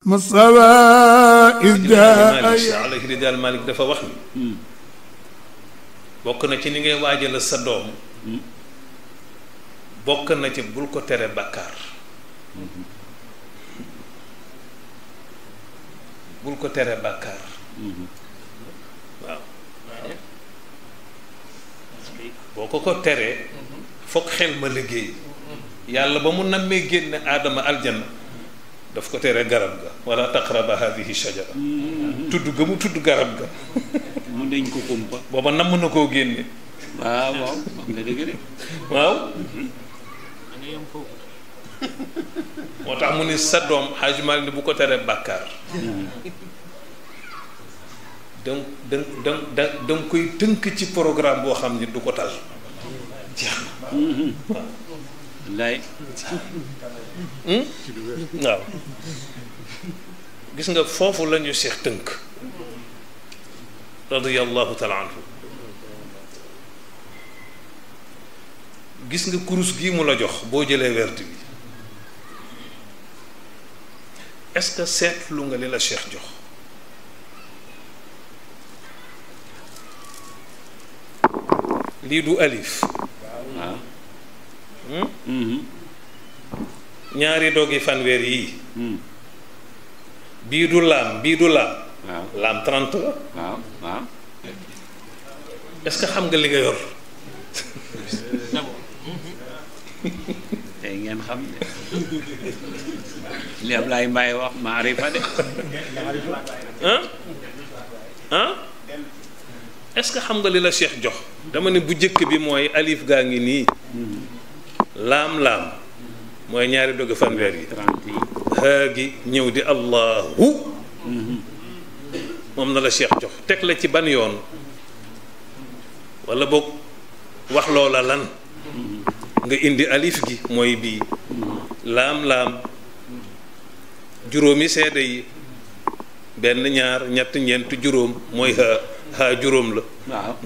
masawa isdaalaki rijaal Malik dafa wax ni hmm. bokk na ci ni ngay waajal sa doom hmm. bokk na ci bul ko tere bàkkaar hmm. bul ko tere bàkkaar boo ko ko teree foog xel ma liggéey yàlla ba mu nammee génne aadama aljanna daf ko tere garab ga wala taqraba hadihi shajara tudd ga mu tudd garab ga mu dañ ko kumpa booba namm na koo génne waaw moo tax mu ni sa doom Hajji ni bu ko teree bàkkaar da da da da da koy tënk ci programme boo xam ni du ko tal waaw hmm? gis nga foofu la ñu seex tënk radiyallahu taala anhu gis nga kurus gii mu la jox boo jëlee wert bi est-ce que seetlu nga li la seex jox lii du alif waaw ah. Hmm? ñaari doggi fanweer yii hmm. bii du laam bii du laam laam trente la waaw ce que xam nga li nga yor tey ngeen xam ne li Ablaye Mbaye wax maarifa de ah ah est-ce que xam nga li la Cheikh jox dama ne bu jëkk bi mooy alif gaa ngi nii hmm. laam-laam mooy ñaari dogg fanweer yi haa gi ñëw di allahu mhm. moom na la cheikh jox teg la ci ban yoon walla boog wax loola lan mhm. nga indi alif gi mooy bii mhm. laam-laam juróomi seede yi benn ñaar ñett ñeent juróom mooy haa haa juróom la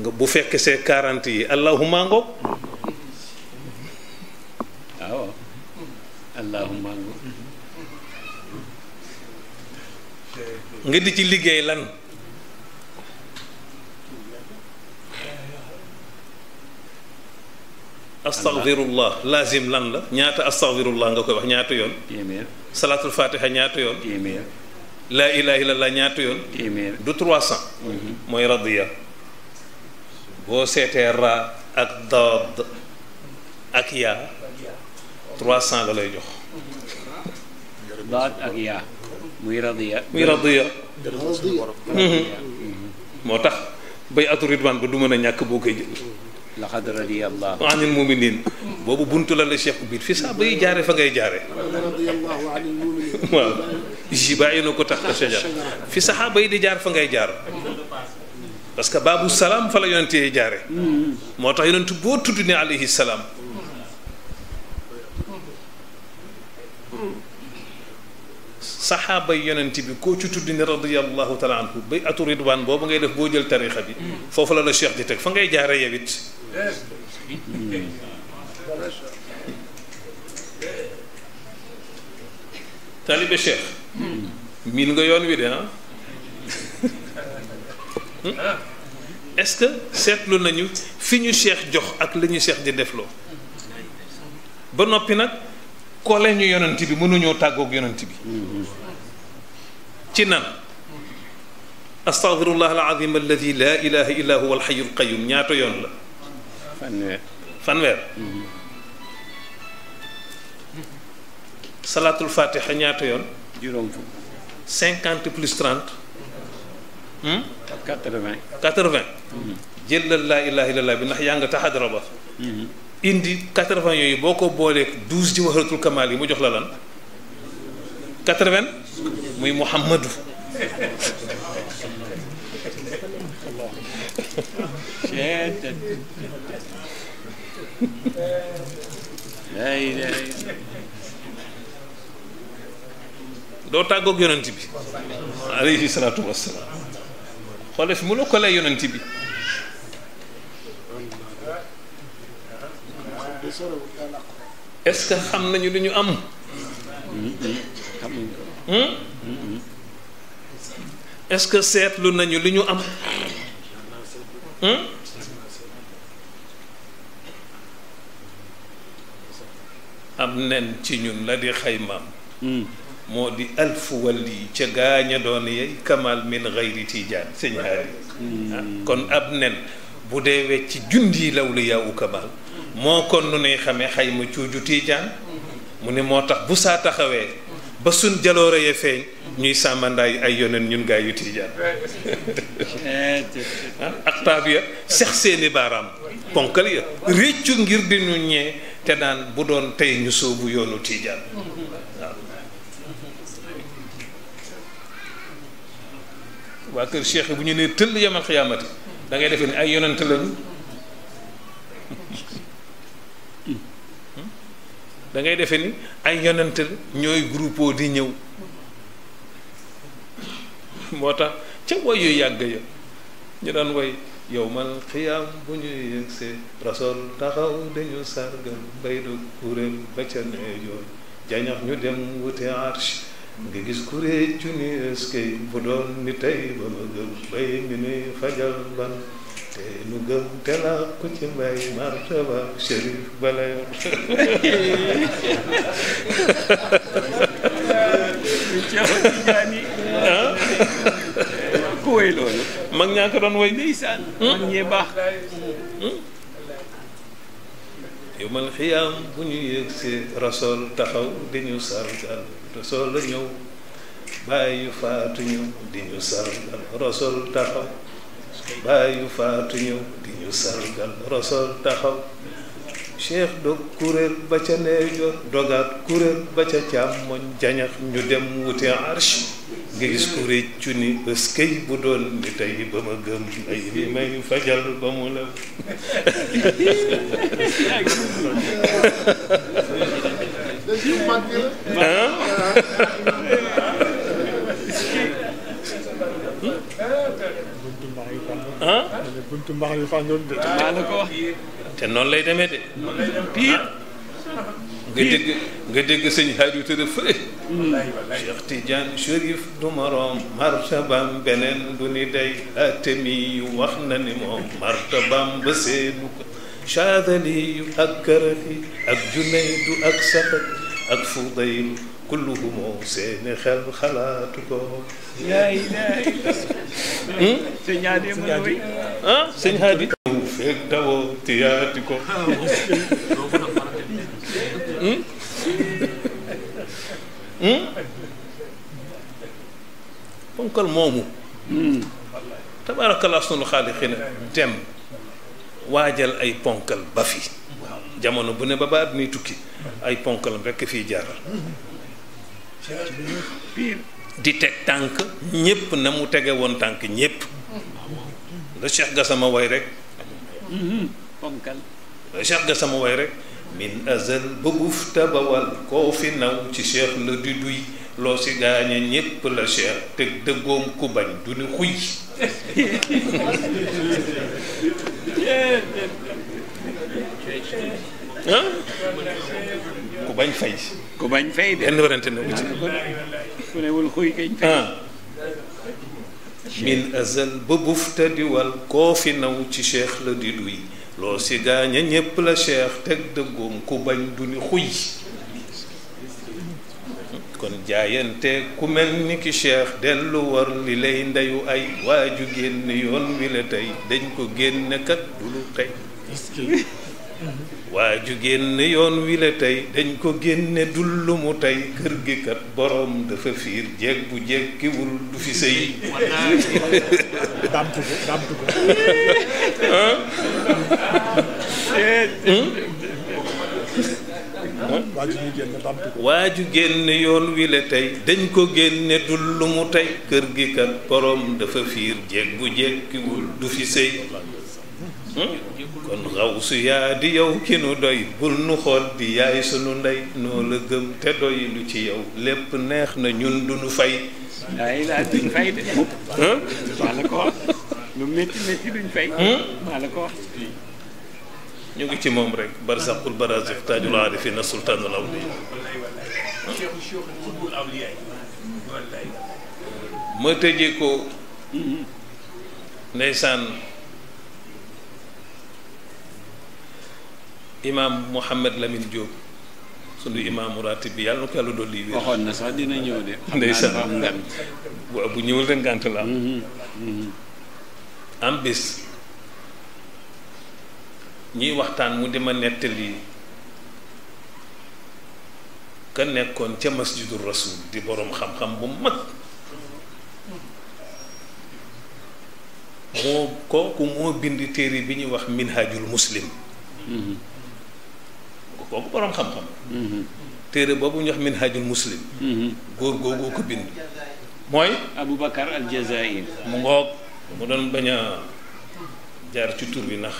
nga bu fekk see quarante yi allahuma ngoog waaw nga di ci liggéey lan astaghfirullah lazim lan la ñaata astaghfirullah nga koy wax ñaata yoon salaatul fatiha ñaata yoon laa ilaha illallah ñaata yoon du 300 mhm. mooy radiya boo seetee ra ak daad ak yaa 300 la lay jox. baat ak yaa. muy radiya moo tax bay atu ridwaan ba du mën a ñàkk boo koy jël. boobu buntu la la biir fii bay jaare fa ngay jaare waaw ko ta shajar fi saxaaba yi di jaar fa ngay jaar parce que baabu salaam fa la yonente jaare mm-hmm. moo tax yonentu boo tudd ne alayhi saxaaba yonent bi koo ci tudd ni radiyallahu taala anhu bay atu ridwaan boobu ngay def boo jël tarixa bi foofu la la cheikh di teg fa ngay jaare yow it taalibe miin nga yoon wi de ah hmm? seetlu nañu fi ñu cheikh jox ak la ñu cheikh di defloo ba noppi nag kole ñu bi mënuñoo tàggoog yonent bi ci nan astaghfirullah alazim alladi la ilaha illa alqayum ñaata yoon la fanweer fanweer salaatul fatiha ñaata yoon juróom fukk cinquante plus trente hmm? quatre-vingt quatre-vingt jëlal laa ilaha illallah bi ndax yaa nga taxadara ba hmm. indi 80 yooyu boo ko boolee 12 jawharatul kamal yi mu jox la lan 80 muy Muhammadu doo tàggoog yonent bi alayhi salaatu wassalaam xoole fi mu la ko lay yonent bi est-ce xam nañu lu ñu am. Hmm? est-ce que seetlu nañu lu ñu am. Hmm? am nen ci ñun la di xaymaam. moo di alfu wali ca gaaña doon yey kamal min xayri tijaan hmm. ah, kon ab nen bu dee wecc junni law la yaawu kamal. moo kon nu nuy xamee xayma cuuju tiijaan mu ni moo tax bu saa taxawee ba suñ jaloore ya feeñ ñuy sàmmandaayu ay yoneen ñun gaay yu tiijaan aktaab ya sex seeni baaraam ponkal ya réccu ngir di ñu ñee te daan bu doon tey ñu soobu yoonu tiijaan waaw waa kër Cheikh bu ñu nee tëll yamal xiyaamati dangay ngay ni ay yonent lañu dangay defe ni ay yonent ñooy groupe di ñëw moo tax ca woy yu yàgg ya ñu daan woy yow mal xiyaam bu ñu yëgsee rasool taxaw dañu sargal bay du kuréel ba ca nee yoon jañax ñu dem wute arsh nga gis kuréel cu eskay bu doon ni tey ba ma bay mi nuy fajal ban te nu gëm talaa ku ci mbay martaba Chérif bala yor ku woy mag ñaa ko doon woy ndeysaan hmm? mag ñee baax hmm? yomal xiyaam bu ñu yëg si rasool taxaw di ñu sargal rasool a ñëw bàyyi faatu ñëw di ñu sargal rasool taxaw bàyyu faatu ñëw di ñu sargal rasool taxaw cheikh dog kuréel ba ca ndeyjoor dogaat kuréel ba ca càmmoñ jañax ñu dem wute arsh nga gis ku réccu ni ëskëy bu doon ni tey ba ma gëm li may fajal ba mu la ah ah. buntu mbax yu fa ñoom de. noonu lay demee de. noonu sëñ Hadj Tëdd Fure. Cheikh Tidiane Chérif du moroom martabam beneen du ni day atemi yu wax na ni moom martabam ba seenu ko. chaadali yu ak kërëfi ak ak sabat ak Fudayl kulluhum seeni xel xalaatu ko. yaay yaay. Hmm? sëñ Hady ah ponkal moomu. Hmm. tabaarakalaa sunu xaaliqina dem waajal ay ponkal bafi jamono bu ne ba ba at miy tukki ay ponkalam rekk fii jaar di teg tànk ñépp na mu tege woon tànk ñépp la Cheikh Gassama way rek ponkal la way rek min azal ba guf tabawal koo fi naw ci cheikh la di duy loo si gaañe ñépp la cheikh te dëggoom ku bañ du ni xuy ku bañ fay. bañ fay de. benn warante ne wuti. ku newul ah. min azal ba buftadi wal koo fi naw ci cheikh la di duy loo ci gaaña ñépp la cheikh teg dëggoom ku bañ du ni xuy kon jaayante ku mel ni ki cheikh dellu li lay ndeyu ay waaju génn yoon wi la tey dañ ko génn du lu tey waa ju yoon wi la dañ ko génne dul dafa fiir jeeg bu jeeg waa ju yoon wi la tey dañ ko génne dul lu mu tey kër gi kat borom dafa fiir jeeg bu jeeg kiwul du fi sëy kon xaw su yaa di yow ki nu doy bul nu xool di yaay sunu ndey noo la gëm te doy lu ci yow lépp neex na ñun du fay lu fay maa ñu ngi ci moom rek barzaqul barazix taajul aarifina sultaanul awliya ma tëje ko mm-hmm. ndeysaan imaam Mouhamed Lamine Diop sunu imaamu ratib bi yàlla na ko yàlla dolli wér. waxoon na sax dina ñëw de. ndeysaan bu ñëwul rek ngànt mm-hmm. mm-hmm. am bés ñuy waxtaan mu dima nettali ka nekkoon ca masjidu rasul di boroom xam-xam bu mag moo kooku moo bind téere bi ñuy wax minhajul muslim mm-hmm. kooku boroom xam-xam mm-hmm. téere boobu ñu wax minhajul muslim mm-hmm. góor googu ko bind mooy aboubacar aljazair mu ngoog mu doon bañ a jaar ci tur bi nax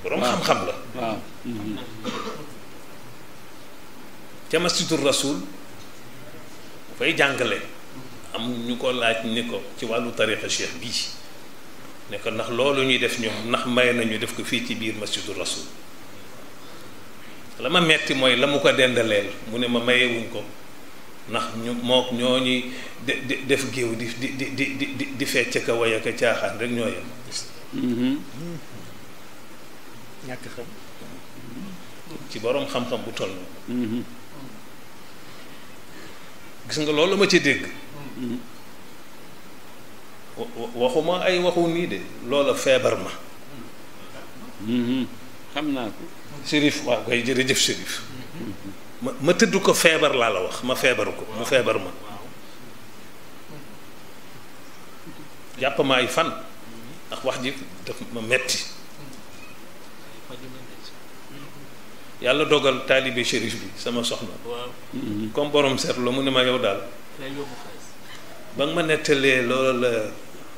boroom xam-xam la waaw mm-hmm. ca masjidul rasul bu fay jàngale am ñu ko laaj ni ko ci wàllu tariqa cheikh bii nekk ko ndax loolu ñuy def ñoom ndax may nañu def ko fii ci biir masjidul rasul la ma metti mooy la mu ko dendaleel mu ne ma mayewuñ ko ndax ñu moo ñoo ñuy de def géew di di di di di di fecc ka way ka caaxaan rek ñoo yem mm-hmm. ci boroom xam-xam bu toll mm-hmm. gis nga loolu ma ci dégg mm-hmm. waxuma ay waxu nii de loola feebar ma xam naa ko Chérif waaw kay jërëjëf Chérif ma ma tëdd ko feebar laa la wax ma feebaru ko mu feebar ma jàpp ma ay fan ndax wax ji daf ma metti yàlla dogal taalibe Chérif bi sama soxna comme borom seetlu mu ne ma yow daal ba nga ma nettalee loolu la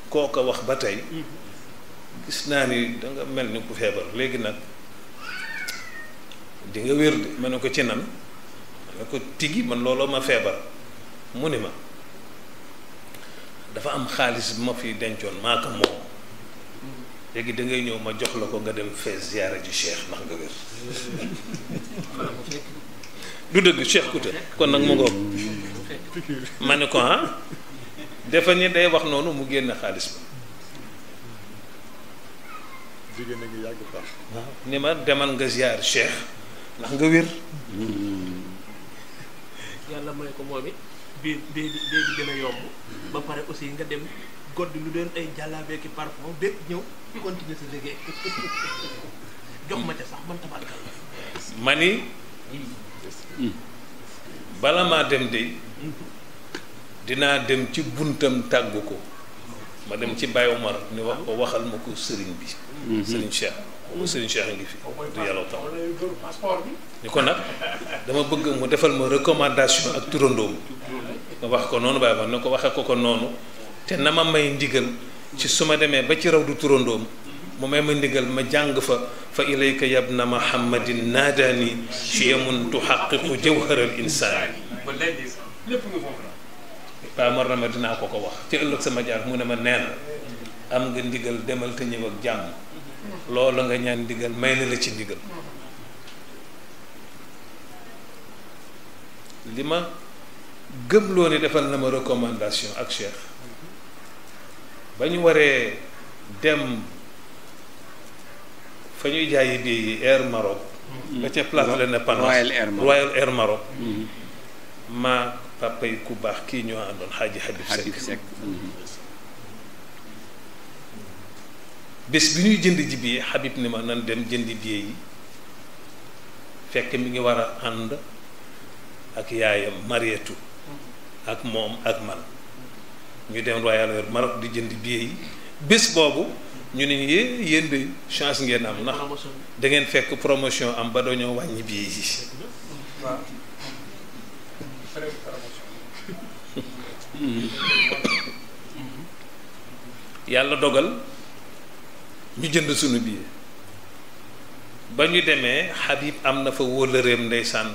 kooka wax ba tey gis naa ni danga mel ni ku feebar léegi nag di nga wér de ma ne ko ci nan ma ne ko tigi man looloo ma feebar mu ni ma dafa am xaalis ma fi dencoon maa ko moom léegi da ngay ñëw ma jox la ko nga dem fees ziyaara ji cheikh ndax nga wér du dëgg cheikh Kouta kon nag mu ngoog ma ne ko ah dafa ni day wax noonu mu génn xaalis ba jigéen a ma demal nga ziyaar cheikh ndax nga wér. yàlla may ko moom it bi bi bi gën a yomb ba pare aussi nga dem godd lu doon ay jàllaabe ki parfum bépp ñëw continuer sa liggéey jox ma ca sax man tabarkal ma ni bala maa dem de dinaa dem ci buntam tàggu ko ma dem ci Baye Omar ni wax ko waxal ma ko sëriñ bi sëriñ Cheikh sëriñ Cheikh a ngi fi du yàlla tam ni ko nag dama bëgg mu defal ma recommandation ak turandoom nga wax ko noonu bàyyi ma ne ko waxee ko ko noonu te na ma may ndigal ci su ma demee ba ci raw du turandoom mu may ma ndigal ma jàng fa fa ilayka yabna muhammadin naadaani fiyamun tuxaqiqu jawharal insaan baa mar na dinaa ko ko wax te ëllëg sama jaar mu ne ma neen am nga ndigal demal te ñëw ak jàmm loola nga ñaan ndigal may na la ci ndigal li ma gëmloo ni defal na ma recommandation ak Cheikh ba ñu waree dem fa ñuy jaayi bii Air Maroc ba ca place la ne Panos Royal Air Maroc maa mhm. pàppa yi ku baax kii ñoo àndoon xaaji Habib Seck mhm. bés bi ñuy jënd ji billet xabit ni ma nan dem jënd billet yi fekk mi ngi war a ànd ak yaayam Marietou ak moom ak man ñu dem Royal Air Maroc di jënd billet yi bés boobu ñu ne yee yéen de chance ngeen am ndax da fekk promotion am ba dañoo wàññi billet yi yàlla dogal ñu jënd suñu billet ba ñu demee Habib am na fa wóllëreem ndeysaan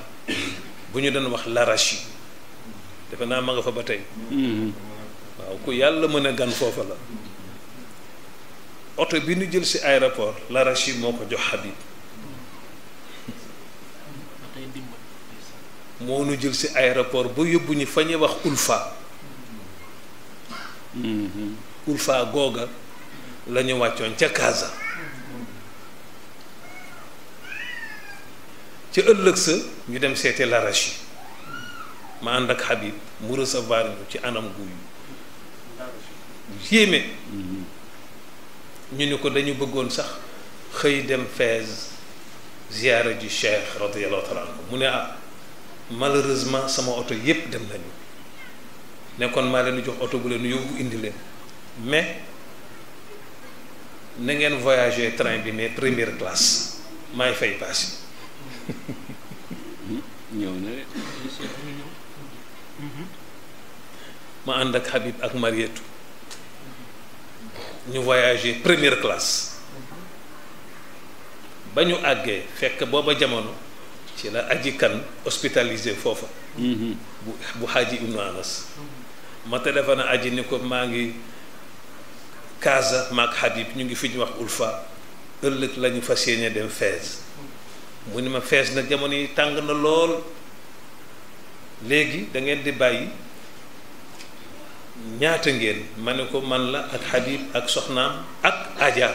bu ñu doon wax larachi defe naa ma nga fa ba tey mm-hmm. waaw ku yàlla mën a gan foofa la oto bi ñu jël ci aéroport larachi moo ko jox Habib moo nu jël ci aéroport ba yóbbu ñu fa ñuy wax ulfa mm-hmm. ulfa googa la ñu wàccoon ca Kaasa ca ëllëg sa ñu dem seete larachi ma ànd ak Habib mu recevoir ñu ci anam gu yéeme ñu ni ko dañu bëggoon sax xëy dem Fès ziyaara ji Cheikh radiyallahu taala anhu mu ne ah malheureusement sama oto yépp dem nañu nekkoon maa leen jox oto bu leen yóbbu indi leen mais. na ngeen voyager train bi mais première classe maay fay paas ñëw na de ma ànd ak Habib ak Marietou ñu voyager première classe ba ñu àggee fekk booba jamono ci la aji kan hospitalisé foofa mhm. bu bu xaaji ibnu ma téléphone aji ni ko maa ngi Kaasa maak Habib ñu ngi fi ñu wax Ulfa ëllëg lañu fa fas yéene dem Fès mu ni ma Fès na jamono yi tàng na lool léegi dangeen di bàyyi ñaata ngeen ma ne ko man la ak Habib ak soxnaam ak Adja.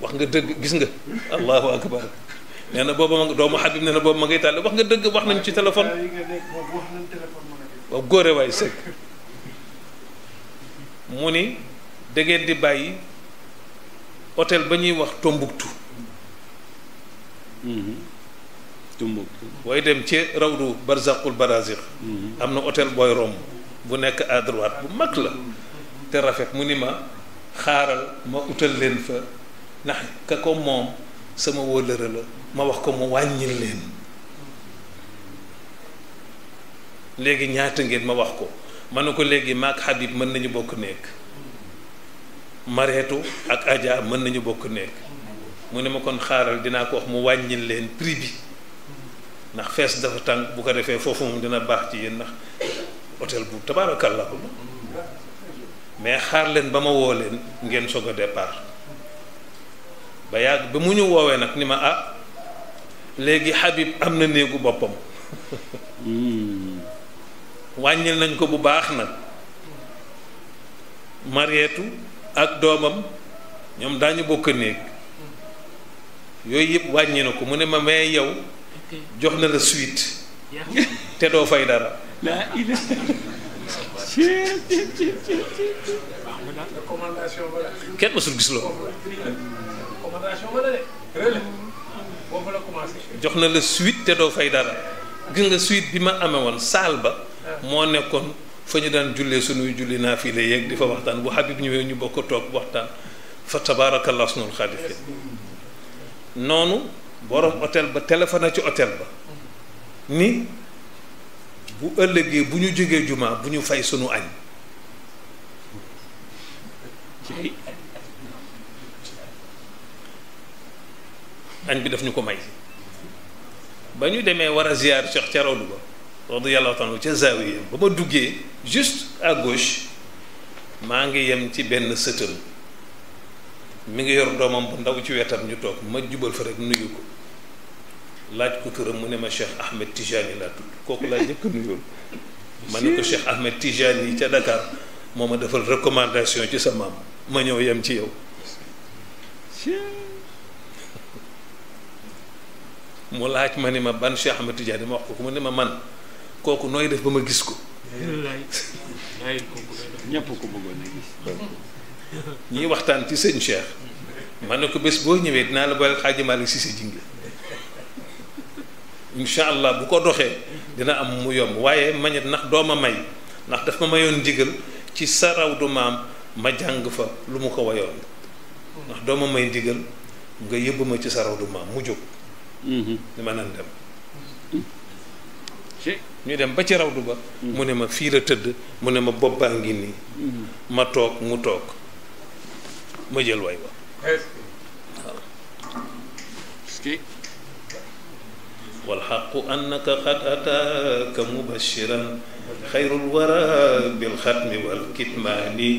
wax nga dëgg gis nga allahu akbar nee na booba ma doomu Habib nee na booba wax nga dëgg wax nañ ci téléphone waaw góore waay sëkk mu ni da di bàyyi hôtel ba ñuy wax Tombouctou mhm. Tombouctou booy dem ci rawdu barzaqul barazir mhm. am na hôtel booy romb bu nekk à bu mag la te rafet mu ni ma xaaral ma utal leen fa ndax ka ko moom sama wóllëre la ma wax ko mu wàññil leen léegi ñaata ngeen ma wax ko ma ne ko léegi maak Habib mën nañu bokk nekk Mareetu ak Adja mën nañu bokk nekk mu ne ma kon xaaral dinaa ko wax mu wàññil leen prix bi ndax fees dafa tànk bu ko defee foofu moom dina baax ci yéen ndax hôtel bu tabaarakallaahu la mais xaar leen ba ma woo leen ngeen soog a départ ba yàgg ba mu ñu woowee nag ni ma ah léegi Habib am na néegu boppam hmm. wàññil nañ ko bu baax nag Marietu ak doomam ñoom daañu bokk néeg yooyu yëpp wàññi na ko mu ne ma may yow jox na la suite te doo fay dara kenn mësul gis loolu jox na la suite te doo fay dara gis nga bi ma amee woon saal ba ah. moo nekkoon fa ñu daan jullee sunuy julli naa fii la yéeg di fa waxtaan bu Habib ñëwee ñu bokk toog waxtaan fa tabaarakallah sunul noonu borom otel ba téléphone ci otel ba ni bu ëllëgee bu ñu jógee jumaa bu ñu fay suñu añ añ bi daf ñu ko may ba ñu demee war a ziar Cheikh ca rawdu ba radiyallahu taala ca zaawiya ba ma duggee juste à gauche maa ngi yem ci benn sëtam mu ngi yor doomam bu ndaw ci wetam ñu toog ma jubal fa rek nuyu ko laaj ko turam mu ne ma Cheikh Ahmed Tijani laa tudd kooku laa njëkk a nuyoon ma ne ko Cheikh Ahmed Tijani ca Dakar moo ma defal recommandation ci sa maam ma ñëw yem ci yow mu laaj ma ni ma ban Cheikh Ahmed Tidiane ma wax ko mu ne ma man kooku nooy def ba ma gis ko. ñëpp ko bëggoon waxtaan ci sëñ Cheikh. ma ne ko bés boo ñëwee dinaa la boole Xaaji Malick si sa jingle incha allah bu ko doxee dina am mu yomb waaye mañet ndax dooma may ndax daf ma mayoon ndigal ci saraw du maam ma jàng fa lu mu ko wayoon ndax dooma may ndigal nga yëbb ma ci saraw du maam mu jóg Mhm. ma nan dem ñu dem ba ci rawdu ba mhm. mu ne ma fii la tëdd mu ne ma bopp ngi nii mhm. ma toog mu toog ma jël way ba wal xaqu annaka xad ataaka mubashiran xayrul wara bil xatmi wal kitmaani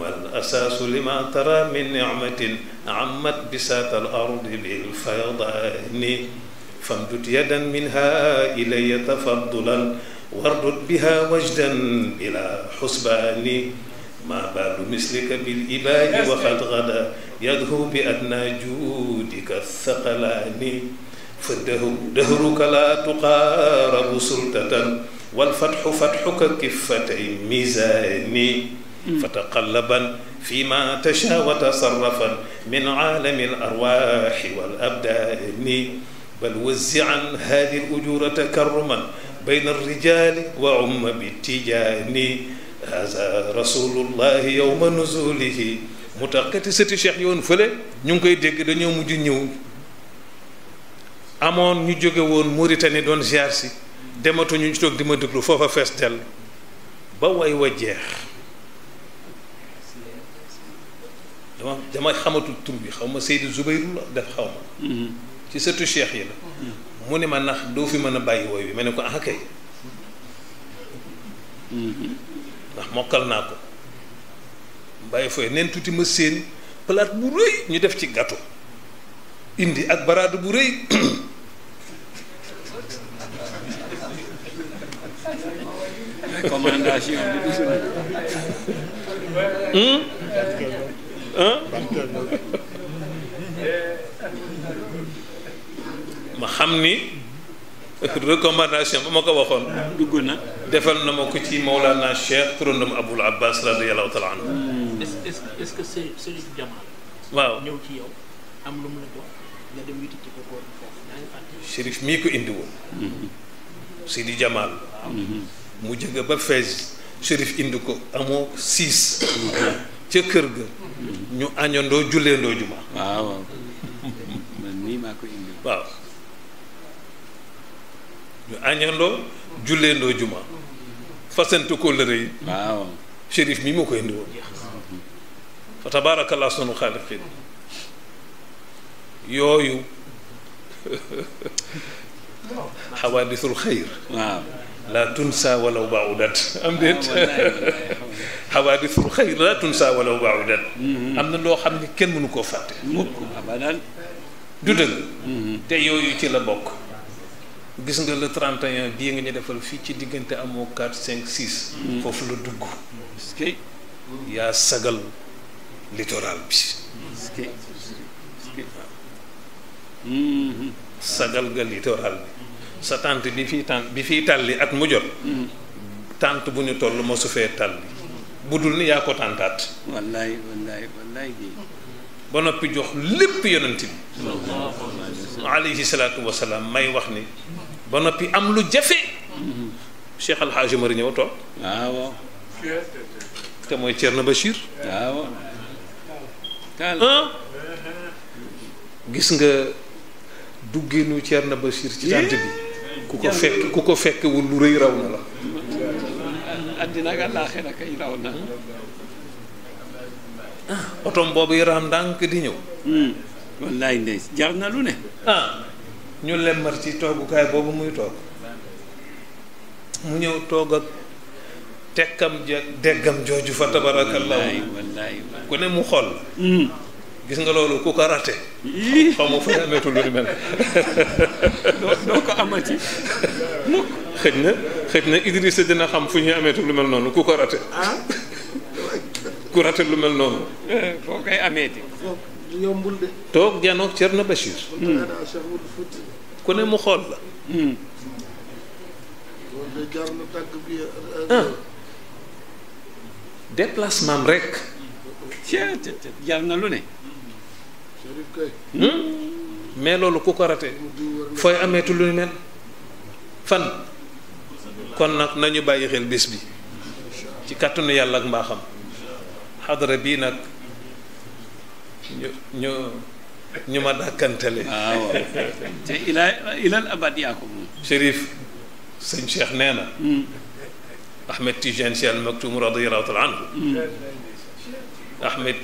wal asaasu lima tara min nicmatin ammat bisaatal ardi bil faydaani famdud yadan minha ilaya tafaddulan wardud biha wajdan bila xusbaani maa baalu mislika bil ibaa'i waxad gada yadhu bi adnaa juudika thaqalaani fa dahruka laa tuqaarabu sultatan wal fatxu fatxuka kiffatay miizaani فتقلبا فيما تشاء وتصرفا من عالم الأرواح والأبدان بل وزعا هذه الأجور تكرما بين الرجال وعم بالتجان هذا رسول الله يوم نزوله mu tax xeeti sëti cheikh yoon fële ñu ngi koy dégg dañoo mujj ñëw amoon ñu jóge woon Mauritanie doon ziar si dematuñu ñu di ma déglu foofa fees ba way wa jeex dama dama xamatul tur bi xaw ma Seydou Zoubayrou la def xaw ma mhm. ci sëtu cheikh yi la mhm. mu ne ma ndax doo fi mën a bàyyi wooy bi ma ne ko ah kay mhm. ndax mokkal naa ko bàyyi fooy neen tuuti ma séen palaat bu rëy ñu def ci gâteau indi ak baraadu bu rëy ma xam ni recommandation ba ma ko waxoon dugg na defal na ma ko ci Mawlana Cheikh turandam Abul Abbas radiyallahu taala anhu hmm. est-ce que Serigne waaw ñëw am lu mu la jox mii ko indi woon hmm. Sidi Jamal hmm. mu jóge ba Fès Chérif indi ko amoo six ca kër ga ñu añandoo julleendoo juma waaw man nii juma fasante ko lëre yi shérif mi moo ko indi woon fa sunu xaaliqin yooyu xawaadisul xayr waaw laa tunsa walaw baudat am déet xawaadisul ah, xayr laa tunsa walaw baudat mm-hmm. am na loo xam ne kenn mënu koo fàtte mm-hmm. mukk du dëgg mm-hmm. te yooyu ci la bokk gis nga le 31 bii nga ñu defal fii ci diggante amoo 4 5 6 foofu la dugg yaa sagal littoral bi sa tànt bi fi tànt bi fii tàlli at mu jot mm. tànt bu ñu toll mosu fee tàlli bu dul ni yaa ko tàntaat wallaay ba noppi jox lépp yonent bi may wax ni ba noppi am lu jafe mm-hmm. Cheikh Al Hadj Omar ñëw toog te mooy Thierno Bachir waaw gis nga dugginu Thierno Bachir ci tànt bi ku ko fekk ku ko fekkewul lu rëy raw na la àddina ak àllaaxira kay raw na ah, otom boobu yaram ndànk di ñëw hmm, wallaay jar na lu ne ah ñu lemmar ci toogukaay boobu muy toog mu ñëw toog ak tekkam jeeg deggam jooju fa tabarakallahu ku ne mu xool hmm. gis nga loolu ku ko raté. yii fu ñu ameetul lu ko amati mukk. xëj na na Idrissa xam fu ñuy ameetul lu mel noonu ku ko raté. ah ku raté lu mel noonu. Eh, foo koy ameeti. yombul de. Hmm. Hmm. ku ne mu xool la. Hmm. Eh, eh, ah déplacement rek. jar na lu ne. Hmm? mais loolu ku ko rate fooy ameetu lu mel fan kon nag nañu bàyyi xel bés bi ci kàttanu yàlla ak mbaaxam xadara bii nag ñu ñu ñu ma dàkkantale ah, waaw te ilaa ilal abad yaa ko moom Chérif sëñ Cheikh nee hmm. Ahmed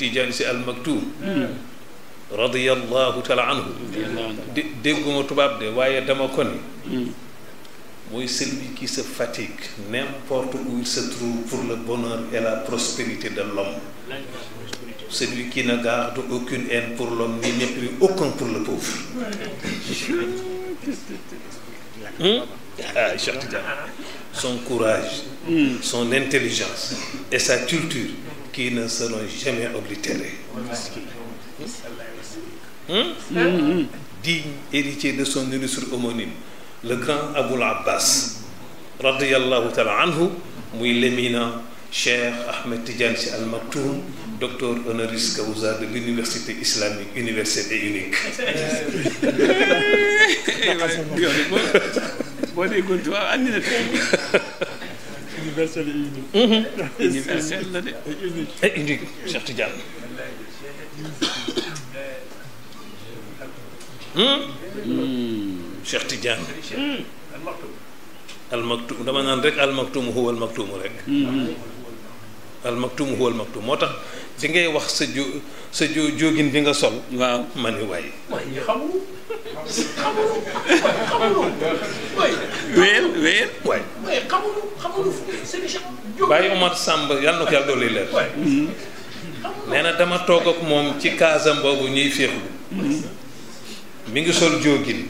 Tidiane si almaktum radiyallahu taala dégguma tubaab de waaye dama ko ni hmm. mooy celui qui se fatigue n'importe où il se trouve pour le bonheur et la prospérité de l'homme celui qui ne garde aucune haine pour l'homme ni mépris aucun pour le pauvre hmm? ah Cheikh Tidiane son courage hmm. son intelligence et sa culture qui ne seront jamais oblitérés digne héritier de son illustre homonyme le grand Aboul Abbas radiyallahu taala anhu muy l'éminent Cheikh Ahmed Tidiane Al Maktoum docteur honoris causa de l'université islamique universelle et Cheikh Tidiane. Hmm. Cheikh Tidiane almaktum dama naan rek almaktum huwa almaktum rek hmm. moo tax di ngay wax sa jo sa jo jógin bi nga sol nga ma ni waay wéer wéer bàyyi Omar Samb yàlla na ko yàlla leer hmm. nee na dama toog ak moom ci kaasam boobu ñuy féexlu mi ngi sol jógin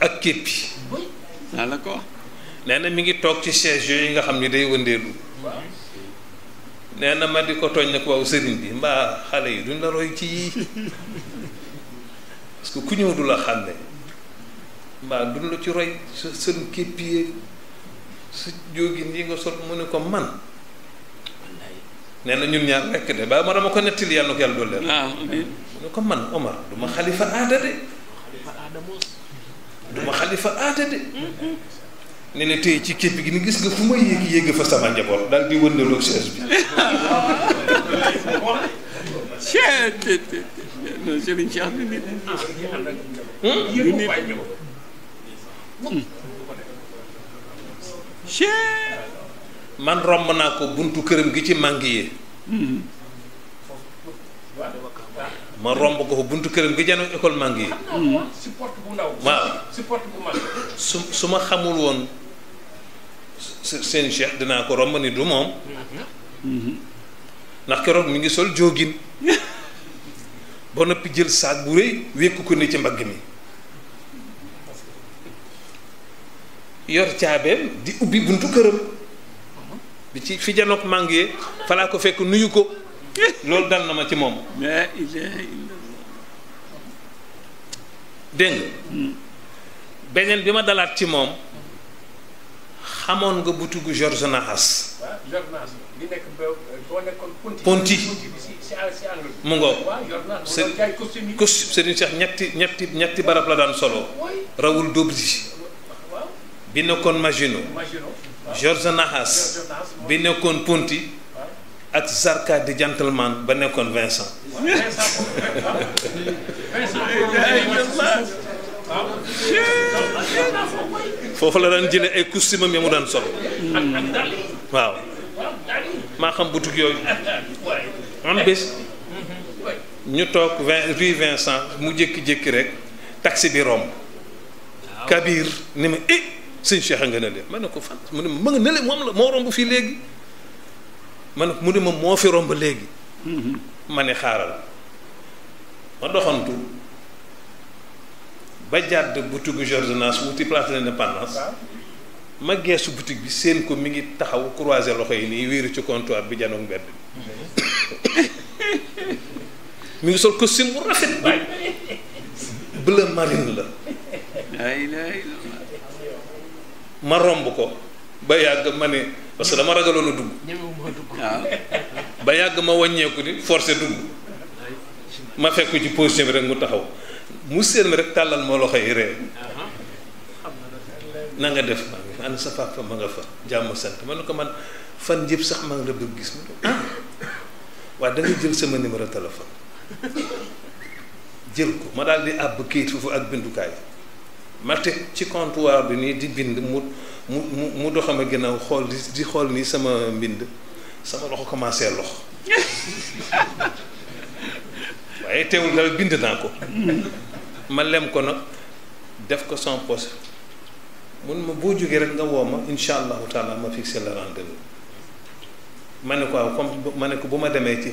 ak képpi naa la na mi ngi toog ci chaise yooyu nga xam ni day wëndeelu nee na ma di ko tooñ nag waaw sëriñ bi mbaa xale yi duñ la roy ci yii parce que ku ñëw du la xàmme mbaa duñ la ci roy sa sën képpi yeeg sa jógin yi nga sol mu ne ko man nee na ñun ñaar rekk de baa ma dama ko nettali yàlla na yàlla dooleel mu ne ko man Omar du xalifa aada de du xalifa aada de ne la tey ci képp gi ni gis nga fu ma yéeg yéeg fa sama njaboot daal di wëndaloog chaise bi hmm. man romb naa ko buntu këram gi ci màng yi hmm. ma romb ko fa buntu këram gi jano école mang yi. bu ndaw. waaw support bu su su ma xamul woon seen cheikh dinaa ko romb ni du moom. Mhm. ndax keroog mi ngi sol joogin ba noppi jël saag bu rëy wékku ko ne ci mbagg mi. yor caabeem di ubbi buntu këram. bi mhm. ci fi janook màngee falaa ko fekk nuyu ko. loolu dal na ma ci moom. la ilaha hmm. bi ma dalaat ci moom xamoon nga butigu ah, Georges Nahas. bi nekk euh, Ponti. Ponti mu ngoog. Serigne Cheikh ñetti ñetti ñetti barab la daan solo. Raoul Dobri. bi nekkoon Maginot. Georges Nahas. bi nekkoon Ponti. ak Zarka di gentleman ba nekkoon Vincent. foofu la daan jëlee ay costume am ya mu daan sol. waaw. maa xam butik yooyu. am bés. ñu toog vingt rue Vincent mu jékki-jékki rek taxi bi romb. Kabir ni ma eh sëñ a nga ne man ne ko fan mu ne ma nga ne le moom la moo romb fii léegi. man mu ni ma moo fi romb léegi mm-hmm. ma ne xaaral ma doxantu ba jàdd boutique Georges Naas wuti place de l'Indépendance ah. ma geesu boutique bi seen ko mi ngi taxaw croiser loxo yi nii wéeru ci comptoir bi janoog mbedd mm-hmm. mi ngi sol costume bu rafet baay bleu marine la ma romb ko ba yàgg ma ne parce que dama ragaloon a dugg waaw ba yàgg ma wàññeeku di forcé dugg ma fekk ci position bi rek mu taxaw mu séen mi rek tàllal ma loxo yi ree na def maa ngi fa ana sa papa ma nga fa jàmm sant ma ne ko man fan yëpp sax maa ngi la gis ma ne ah da jël sama numéro téléphone jël ko ma daal di àbb kayit foofu ak bindukaay ma teg ci comptoir bi nii di bind mu mu mu doxam doxama ginnaaw xool di di xool nii sama mbind sama loxo commencé lox waaye teewul dal bind naa ko ma lem ko nag def ko sans poche mun ma boo jógee rek nga woo ma incha allahu taala ma fixé le rendez ma ne ko comme ma ne ko bu ma demee ci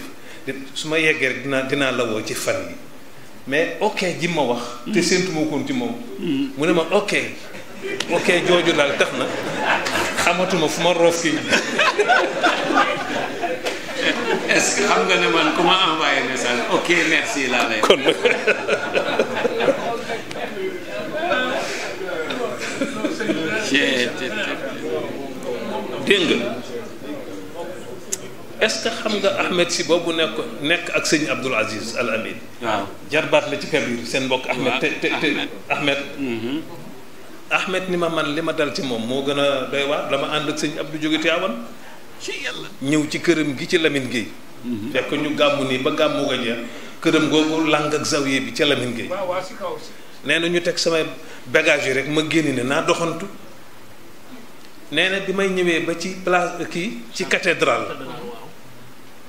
su ma yeggee rek dinaa dinaa la woo ci fan yi mais ok ji ma wax. te séntu ma koon ci moom. mu ne ma ok ok jooju daal tax na xamatuma fu ma roof kii. nga man ku ma envoyé message ok merci kon dégg est-ce xam nga Ahmed si boobu nekk nekk ak sëñ Abdoul Aziz Al Amin. jarbaat la ci Kabir seen mbokk. Ahmed te te te Ahmed. Mm-hmm. Ahmed ni ma man li ma dal ci moom moo gën a doy wax dama ànd ak sëñ Abdou jóge Tiwaawan ci ñëw ci këram gi ci Lamine Gueye. Mm-hmm. fekk ñu gàmmu nii ba gàmmu nga jeex këram googu làng ak zawiye bi ca Lamine Gueye. waaw waaw si kaw nee na ñu teg samay bagage yi rek ma génn ne naa doxantu nee na bi may ñëwee ba ci place kii ci cathédrale.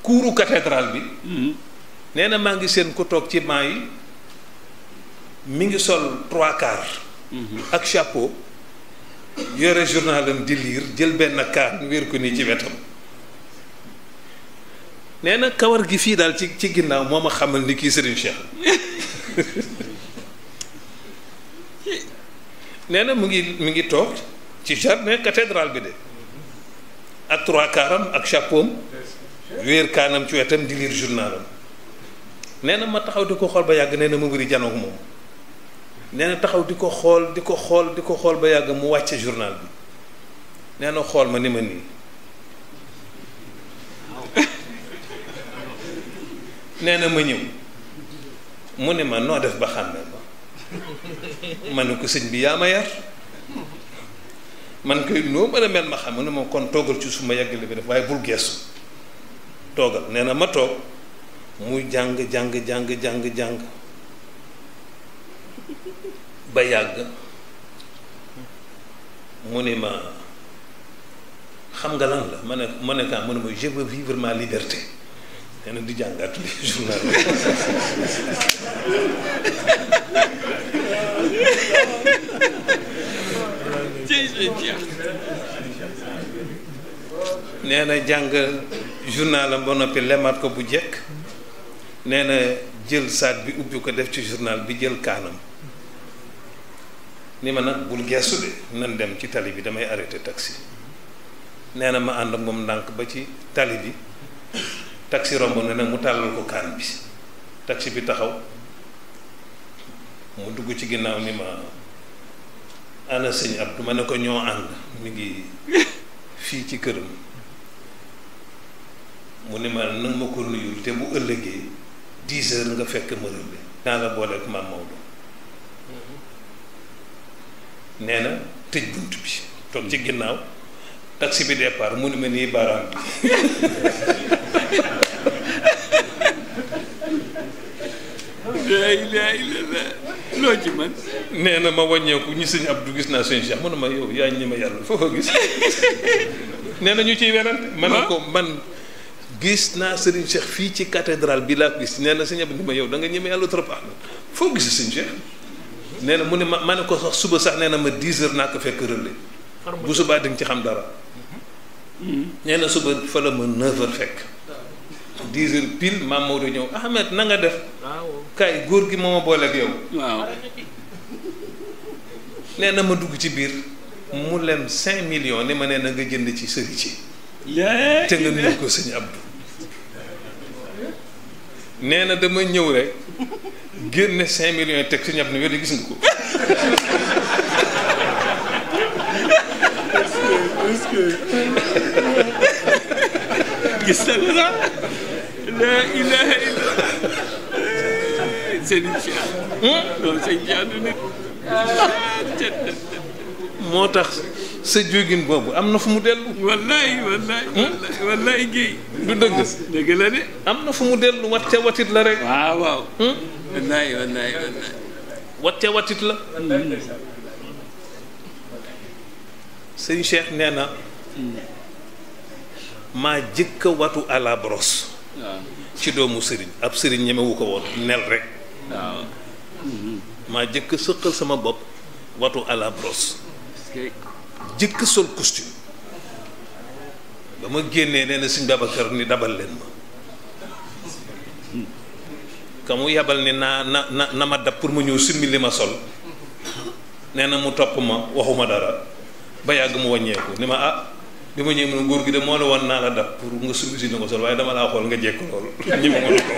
kuuru cathédrale bi mm-hmm. nee na maa ngi seen ku toog ci banc yi mi ngi sol trois quarts mm-hmm. ak chapeau yore journalam di liir jël benn kaar wér ko nii ci wetam nee na kawar gi fii daal ci ci ginnaaw moo ma xamal ni kii Serigne Cheikh nee na mu ngi mu ngi toog ci jardin cathédrale bi de ak trois quarts ak chapeau am wéer kaanam ci wetam di lire journalam nee na ma taxaw di ko xool ba yàgg nee na ma wëri janook moom nee na taxaw di ko xool di ko xool di ko xool ba yàgg mu wàcce journal bi nee na xool ma ni ma nii nee na ma ñëw mu ne ma noo def ba xàmmee ma ma ne ko sëñ bi yaa ma yar man koy noo mën a mel ma xam ne moom kon toggal ci suma yàggale bi def waaye bul geesu toogal nee na ma toog muy jàng jàng jàng jàng jàng ba yàgg mu ne ma xam nga lan la ma ne ma ne kaa mu ne ma je veux vivre ma liberté nee di jàngaat li journal nee jàng journal am ba noppi lemaat ko bu jekk nee na jël saat bi ubbi ko def ci journal bi jël kaanam ni ma nag bul gestu de nan dem ci tali bi damay arrêté taxi nee na ma ànd ak moom ndànk ba ci tali bi taxi romb na nag mu tàllal ko kaan bi taxi bi taxaw mu dugg ci ginnaaw ni ma ana sëñ Abdou ma ne ko ñoo ànd mi ngi fii ci këram mu ni ma nag ma ko nuyul te mu ëllëgee dix nga fekk ma rëbbe naa la booleeg maam Maodo nee na tëj bunt bi toog ci ginnaaw taxi bi départ mu ni ma nii baaraam bi loo na ma wàññeeku ñi sëñ Abdou gis naa sëñ Cheikh mu ne ma yow yaa ñi ma yàlla foofa gis nee ñu ciy werante man ko man gis naa Serigne Cheikh fii ci cathédrale bi laa gis nee na sëñ Abdou ma yow danga nga ñeme yàlla trop ah foo gis sëñ Cheikh nee na mu ne ma ma ne ko sax suba sax nee na ma 10 heures naa ko fekk relais bu subaa di ci xam dara nee na suba fa la ma 9 heures fekk 10 heures pile maam Maodo ñëw Ahmed na nga def kay góor gi moo ma boole ak yow nee na ma dugg ci biir mu lem cinq millions ne ma nee na nga jënd ci sëriñ ci te nga nuyu ko sëñ Abdou nee na dama ñëw rek génne cinq millions teg si ñab ni wér gis nga ko gis na ko sax la ilaha illa sëriñ Cheikh hmm? loolu sëriñ Cheikh du nit ah. moo tax sa jógin boobu am na fu mu dellu. wallaay hmm? wallaay. wallaay Guèye. du dëgg. dëgg la de. am na fu mu dellu wat ca watit la rek. waaw waaw. Hmm? wallaay wallaay wallaay. wat ca watit la. sëñ Cheikh nee na. maa jëkk a watu à la brosse. ci doomu sëriñ ab sëriñ ñemewu ko woon nel rek. waaw. maa jëkk sëqal sama bopp watu à la brosse. jëkk sol costume ba ma génnee nee na sëñ Babacar ni dabal leen ma ka mu yabal ni naa na na na ma dab pour mu ñëw summi li ma sol nee na mu topp ma waxuma dara ba yàgg mu wàññeeku ni ma ah bi ma ñëwee mu ne góor gi de moo la woon naa la dab pour nga summi si li sol waaye dama laa xool nga jekk lool ñi ma mën ko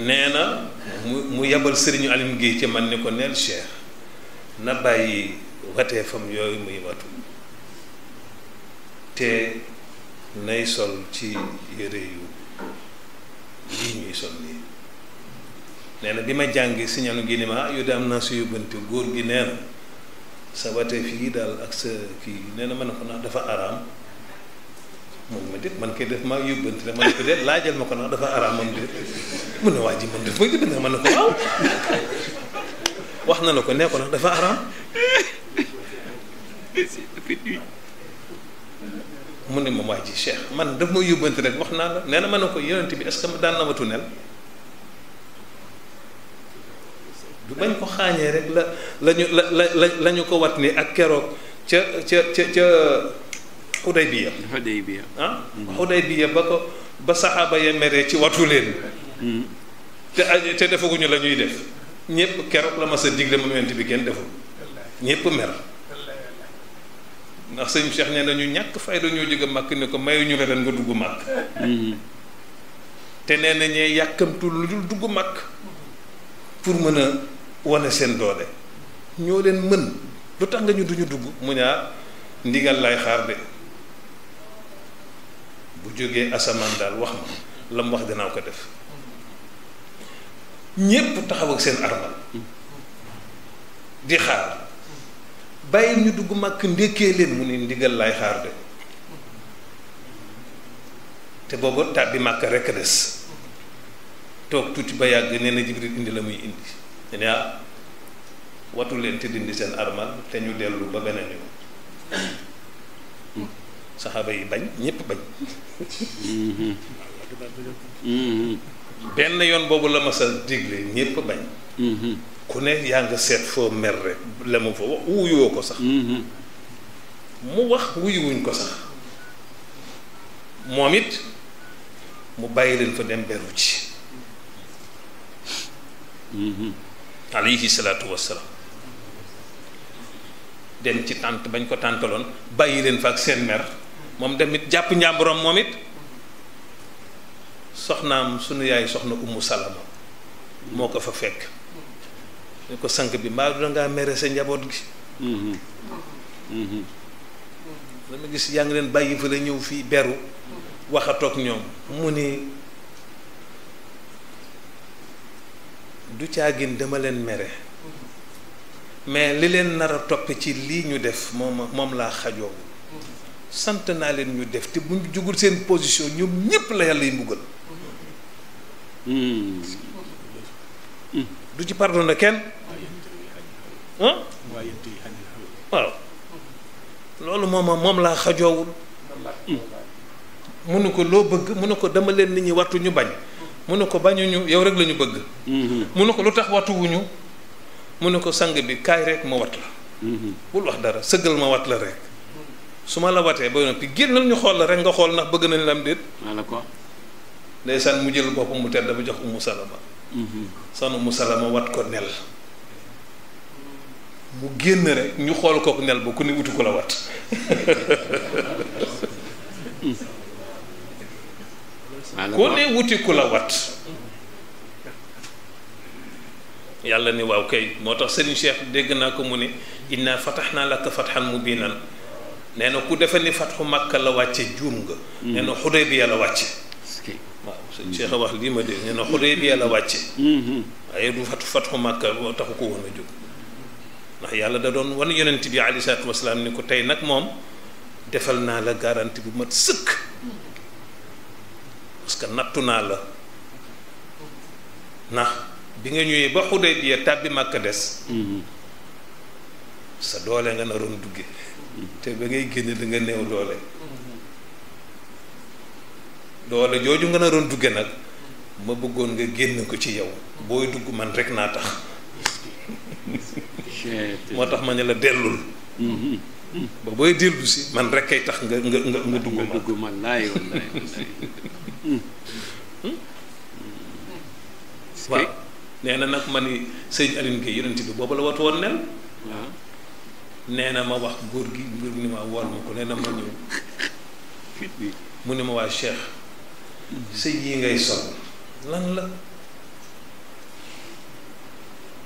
nee na mu mu yebal sëriñu Alim Guèye ci man ni ko neel Cheikh na bàyyi watee fam yooyu muy watu te nay sol ci yére yu lii ñuy sol nii nee na bi ma jàngi siñalu gi ni ma ah, yu de am naa su yóbbante góor gi nee na sa wate fii daal ak sa kii nee na mën na ko ndax dafa araam mun ma déet man def maa yóbbante ne ma ne ko déet laajal ma ko ndax na man la ko nee dafa araam mu ma waa ji Cheikh man daf ma yóbbante rek wax naa la nee na ma ne ko yonent bi est-ce que daan na ma bañ ko xaañee rek la lañu la la ko wat ni ak keroog ca ca ca ca Xudaybiya Xudaybiya ah Xudaybiya ba ko ba saxaaba ya meree ci watu leen hmm. te te defaguñu la ñuy def ñépp keroog la ma sa digle moom bi kenn deful ñépp mer ndax sëñ Cheikh nee nañu ñàkk fayda ñoo jóge màkk ne ko mayuñu la ren nga dugg màkk hmm. te nee na ñee yàkkamtul lu dul dugg màkk pour mën a wane seen doole ñoo leen mën lu tax nga ñu duñu dugg mu ñaa ndigal lay xaar de bu jógee asamaan daal wax ma la mu wax dinaa ko def ñépp taxaw seen armal di xaar bàyyi ñu dugg màkk ndékkee leen mu ne ndigal laay xaar de te booba tàbbi màkk rekk des toog tuuti ba yàgg nee na Jibril indi la muy indi ne ah, watu leen te dindi seen armal te ñu dellu ba beneen yoon saxaaba yi bañ ñëpp bañ mm-hmm. benn yoon boobu la ma sa digle ñëpp bañ mm-hmm. ku ne yaa nga seet foo mer rek la mu fa wax ko sax mm-hmm. mu wax wuyuwuñ ko sax moom it mu bàyyi leen fa dem beru ci alayhi salaatu wassalaam dem ci tànt bañ ko tàntaloon bàyyi leen fa ak seen mer moom tamit jàpp njàmburam moom it soxnaam sunu yaay soxna Umu Salama moo ko fa fekk ñu ko sank bi mbaa du dangaa mere sa njaboot gi mhm. Mhm. dama gis yaa ngi leen bàyyi fa la ñëw fii beru waxatoog ñoom mu ni du caagin dama leen mere mhm. mais li leen nara topp ci lii ñu def moom moom laa xajoo sant naa leen ñu def te buñ jógul seen position ñoom ñépp la yàlla yi mbugal hmm. du ci na kenn waaw loolu moom moom laa xajoowul mu ne ko loo bëgg mu ne ko dama leen nit ñi wattu ñu bañ mu ne ko bañuñu yow rek lañu bëgg hmm. mu ne ko lu tax wattuwuñu mu ne ko sang bi kaay rek ma wat la hmm. bul wax dara sëggal ma wat la rek su ma la watee ba noppi génnal ñu xool la rek nga xool ndax bëgg nañ la am déet. d'accord ndeysaan mu jël boppam mu tedd ba jox Umu Salama. Mm-hmm. son Umu Salama wat ko nel. mu génn rek ñu xool ko nel ba ku ne utu ko la wat. Ah, ku ne wuti ku la wat yàlla ne waaw kay moo tax Serigne Cheikh dégg naa ko mu ne naa inna fataxnaa laka fatxan mubiinan nee na ku defal ni fatxu Makka la wàcce juum nga. Mm. nee na Xudaybiya la wàcce. wax lii ma dégg nee na mm-hmm. waaye du fat fatxu Makka moo taxu ko woon a jóg. ndax yàlla da doon wan yonent bi aleyhi salaatu wa salaam ni ko tey nag moom defal naa la garantie bu mat sëkk parce que nattu naa la ndax bi nga ñëwee ba Xudaybiya tàbbi Makka des. Mm-hmm. sa doole nga naroon duggee. te ba ngay génn danga nga néew doole doole jooju nga naroon dugge nag ma bëggoon nga génn ko ci yow booy dugg man rek naa tax moo tax ma ne la dellul ba booy dellu si man rek ay tax nga nga nga nga dugg ma laay nee na nag man sëñ Aline Gueye yonent bi boobu la watu woon nel nee na ma wax góor gi nguur gi ni ma wool ma ko nee na ma ñëw mu ne ma waa Cheikh sëñ yi ngay sol lan la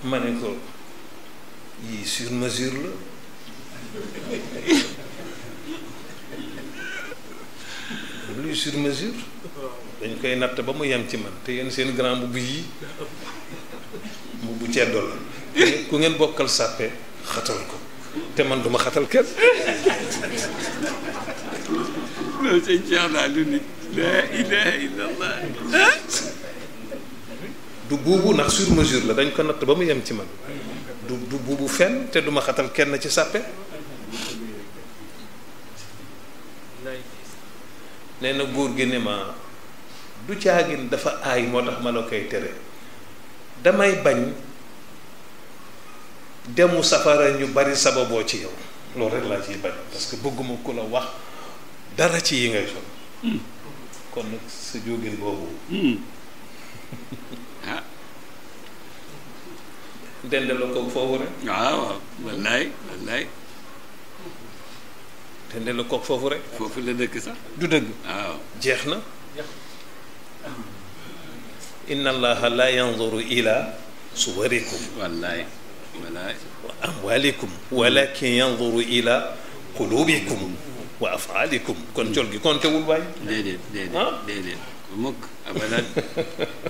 ma ne ko yii sur mesure la luy sur mesure dañ koy natt ba mu yem ci man te yéen seen grand mbubb yii mbubb ceddo la ku ngeen bokkal sàppe xatal ko te man duma xatal kenn loolu sëñ Cheikh lu nit laa ilaha illallah du buubu ndax sur mesure la dañ ko natt ba mu yem ci man du du buubu fenn te duma xatal kenn ci sàppe nee na góor gi ne ma du caagin dafa aay moo tax ma la koy tere damay bañ demu safara ñu bari sababoo ci yow loolu rek laa ciy bañ parce que bëgguma ku la wax dara ci yi ngay sol hmm. kon nag sa jógin boobu hmm. ah. dendaloo koog foofu rek waaw foofu la dëkk sax du dëgg waaw jeex na inna allaha la yanzuru ila suwarikum wallaay wa amwaalikum walakin yanzuru ila qulubikum wa afaalikum kon col gi konte wul waay déedéet déedéet ah. déedéet mukk abadan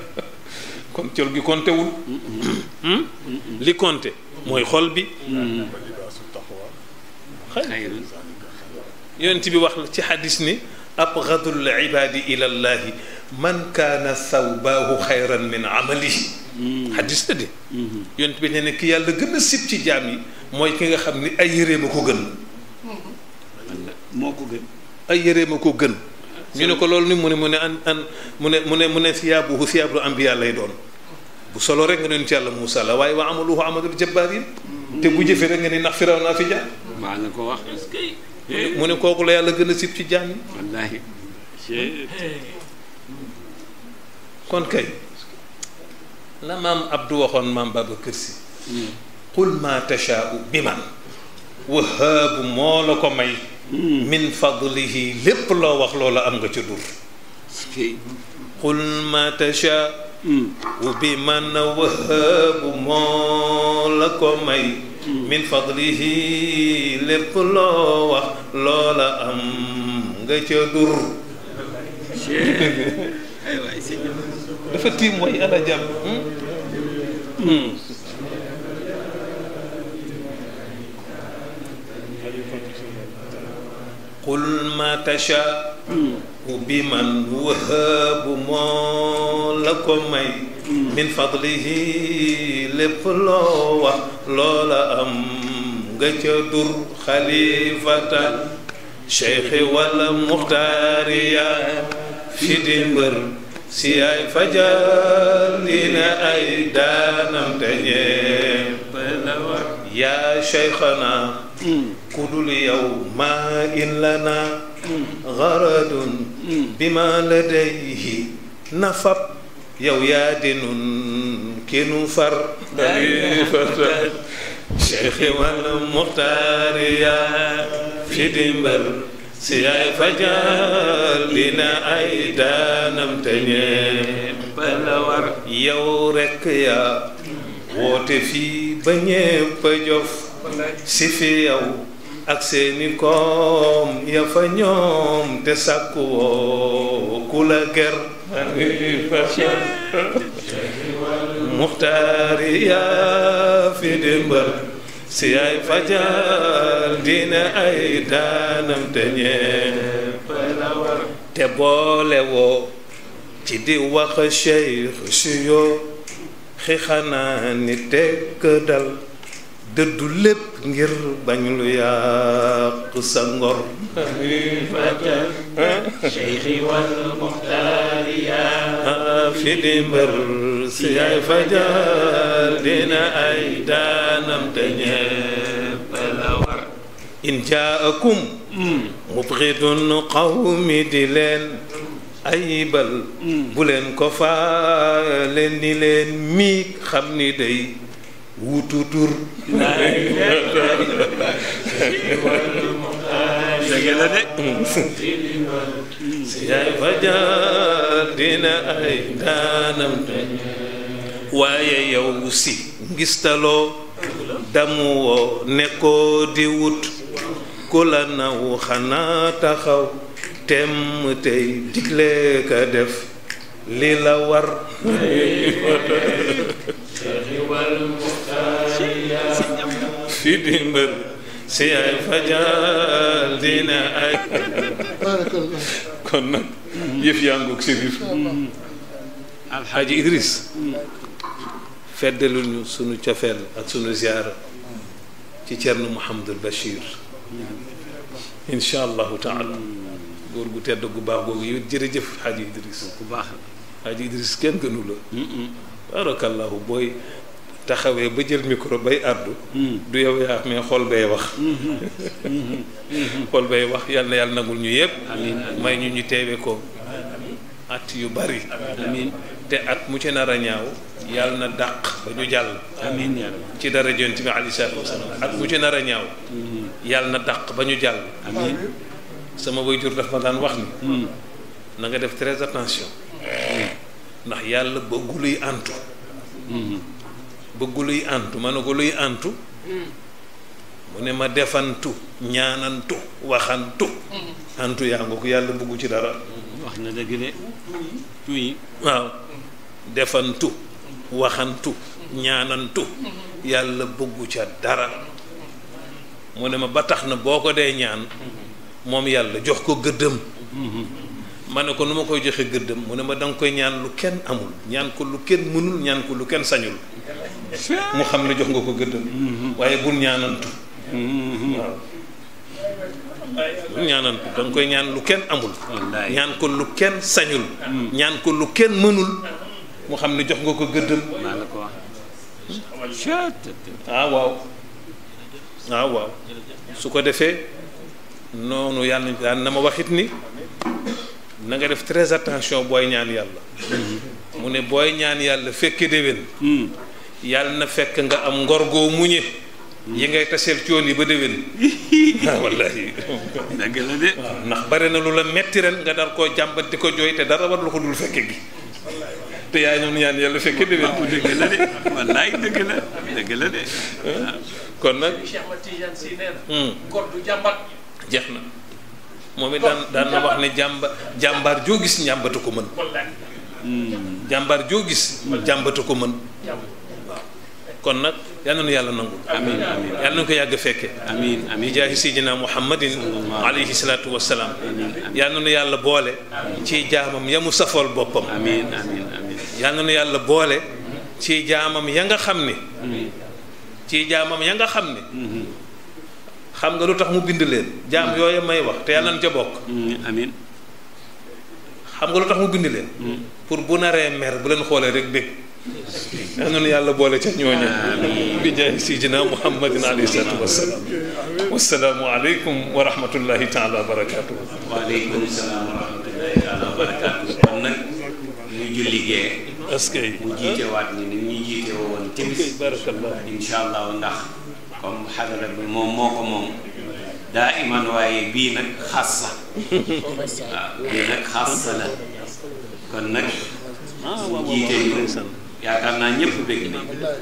kon col gi konte wul hmm? li konte mooy xol bi hmm. yonent bi wax la ci xadis ni abgadul ibaadi ila llaahi man kaana sawbaahu xayran min amalihi xadis la de yonent bi nee na ki yàlla gën a sib ci jaam yi mooy ki nga xam ni ay yëree ma ko gën moo ko gën ay yëree ma ko gën ñu ne ko loolu ni mu ne mu ne an an mu ne mu ne mu ne siyaabuhu siyaabul ambiya lay doon bu rek nga ne ci yàlla Moussa la waaye wa amaluhu amalul jabbaar yi te bu jëfee rek nga ne ndax firaw naa fi ko wax mu ne kooku la yàlla gën a sib ci jaam yi kon kay la maam Abdou waxoon maam kër si qul ma tashaau bi man wahaabu moo la ko may min fadlihi lépp loo wax loola am nga ca dur قل ما تشاء وبي من وهب مولكم مي من فضله lépp loo wax loola am nga ca dur dafa tiim way ana jàmm قل ما تشاء bi man wahaabu moo la ko min fadlihi lépp loola am nga dur xalifata cheikhi wala muxtaariya fi di mbër si ay fajar dina ay daanam te ñepp la wax yaa cheikhana hmm. ku dul yow maa in lana غرض بما لديه نفب يو يادن كنو فر خليفة شيخ والمختار يا في دمبر سياي فجال لنا أيدانم تنين بلور يو رك يا woote fii ba ñépp a jof si fi yow ak seeni koom ya fa ñoom te sàkku woo ku la ger muxtaari yaa fi di mbër si ay fajal dina ay daanam te ñepp te boole ci di wax cheikh si xi xanaa ni tekk dal dëddu lépp ngir bañ lu yàqu sa ngor Cheikhi wal Muxtaariya fi di mbër si ay fajar dina ay daanam te ñépp in jaakum mubridun qawmi di leen ayibal mm. bu leen ko faale ni leen mii xam ni day wutu tur si ay fajar dina ay daanam waaye yow si ngistaloo damu nekkoo di wut ku la naw xanaa taxaw tem tey digle ka def li la war fi dimbal si ay fajal dina ay kon nag yëf yaa ngoog Chérif alxaaji Idris feddelul ñu sunu cofeel ak sunu ziyaara ci Cerno Mouhamadul Bachir incha allahu allah góor gu tedd gu baax googu yow jërëjëf xaaji Idris ku baax la xaaji Idris kenn gënu la taxawee ba jël micro bay àddu hmm. du yow yaa mais xool bay wax hmm, hmm, xool bay wax yal na yàlla nangul ñu yëpp may ñu ñu teewee ko at yu bari amiin te at mu ci nar a ñaaw na dàq ba ñu jàll ci dara jont bi aleyhi salaatu wasalaam at nar a ñaaw na dàq ba ñu jàll amiin sama waajur daf ma daan wax ni na nga def très attention ndax yàlla bëggu luy bëgg luy antu ma ko luy antu hmm. mu ne ma defantu ñaanantu waxantu hmm. antu yaa nga yàlla bëggu ci dara hmm, wax na dëgg de waaw defantu waxantu ñaanantu yàlla bëggu ca dara mu ne ma ba tax na boo ko dee ñaan moom yàlla jox ko gëddëm ma ne ko nu ma koy joxe gëddëm mu ne ma danga koy ñaan lu kenn amul ñaan ko lu kenn mënul ñaan ko lu kenn sañul mu xam ne jox nga ko gëddam mm-hmm. waaye bul ñaanantu mm-hmm. waaw ñaanan da koy ñaan lu kenn amul ñaan ko lu kenn sañul mm. ñaan ko lu kenn mënul mu xam ne jox nga ko gëddëm hmm? ah waaw ah waaw su ko defee noonu yàlla daan na ma waxit ni na nga def très attention booy ñaan yàlla mm-hmm. mu ne booy ñaan yàlla fekke déwén mm. yàlla na fekk nga am ngorgoo goo muñe yi ngay taseel coon yi ba déwén ah, wallahi dëgg la de ndax bari na lu la metti ren nga dar koo jàmbat di ko jooy te dara war lu ko dul fekke gi te yaay ñoom ñaan yàlla fekke déwén dëgg la de wallahi dëgg la dëgg la de ah. kon nag gor hmm. du jeex na moom it daan daan wax ne jàmba jàmbaar joo gis njàmbatu ko mën hmm. jàmbaar joo gis hmm. jàmbatu ko mën kon nag yal nañu yàlla nangul amiin amiin yal nañu ko yàgg fekke amiin amiin jaahi sayyidina muhammadin alayhi salaatu wa salaam yal yàlla boole ci jaamam ya mu safool boppam amiin yàlla boole ci jaamam ya nga xam ne ci jaamam yaa nga xam ne mm-hmm. xam nga lu tax mu bind leen jaam mm-hmm. yooyu may wax te yàlla nañu ca bokk mm-hmm. xam nga lu tax mu bind leen pour bu naree mer bu leen xoolee rek bég yal na nu yàlla boole ca ñooñu bi jaay sidina muhammadin alayhi salaatu wasalaam wasalaamu aleykum wa rahmatullahi taala wa barakaatu waaleykum salaam wa rahmatullahi taala wa barakaatu kon nag ñu julli gee est-ce que mu jiite waat ni ni ñu jiite woon timis barakallah insha allah ndax comme xadara bi moom moo ko moom daa iman waaye bii nag xassa waaw bii nag xassa la kon nag ah, jiite ñu yaakaar naa ñëpp bëgg nañ waaw